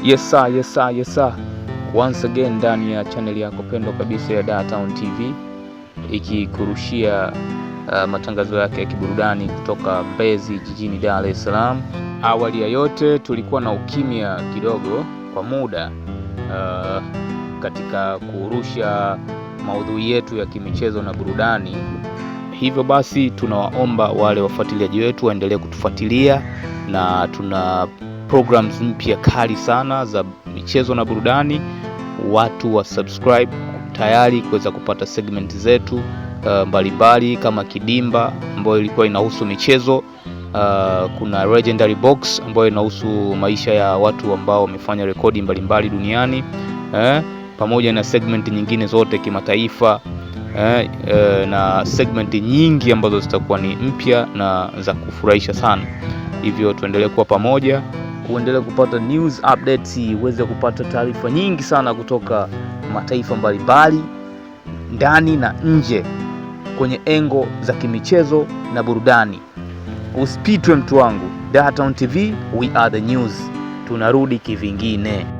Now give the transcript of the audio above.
Yes sir, yes sir, yes sir. Once again ndani ya channel yako pendwa kabisa ya Dar Town TV ikikurushia uh, matangazo yake ya kiburudani kutoka Mbezi jijini Dar es Salaam. Awali ya yote tulikuwa na ukimya kidogo kwa muda uh, katika kurusha maudhui yetu ya kimichezo na burudani. Hivyo basi tunawaomba wale wafuatiliaji wetu waendelee kutufuatilia na tuna programs mpya kali sana za michezo na burudani. Watu wa subscribe tayari kuweza kupata segment zetu uh, mbalimbali kama Kidimba ambayo ilikuwa inahusu michezo uh, kuna Legendary Box ambayo inahusu maisha ya watu ambao wamefanya rekodi mbalimbali duniani eh, pamoja na segment nyingine zote kimataifa eh, eh, na segment nyingi ambazo zitakuwa ni mpya na za kufurahisha sana. Hivyo tuendelee kuwa pamoja kuendelea kupata news updates, uweze kupata taarifa nyingi sana kutoka mataifa mbalimbali ndani na nje kwenye engo za kimichezo na burudani. Usipitwe mtu wangu, Dar Town TV, we are the news. Tunarudi kivingine.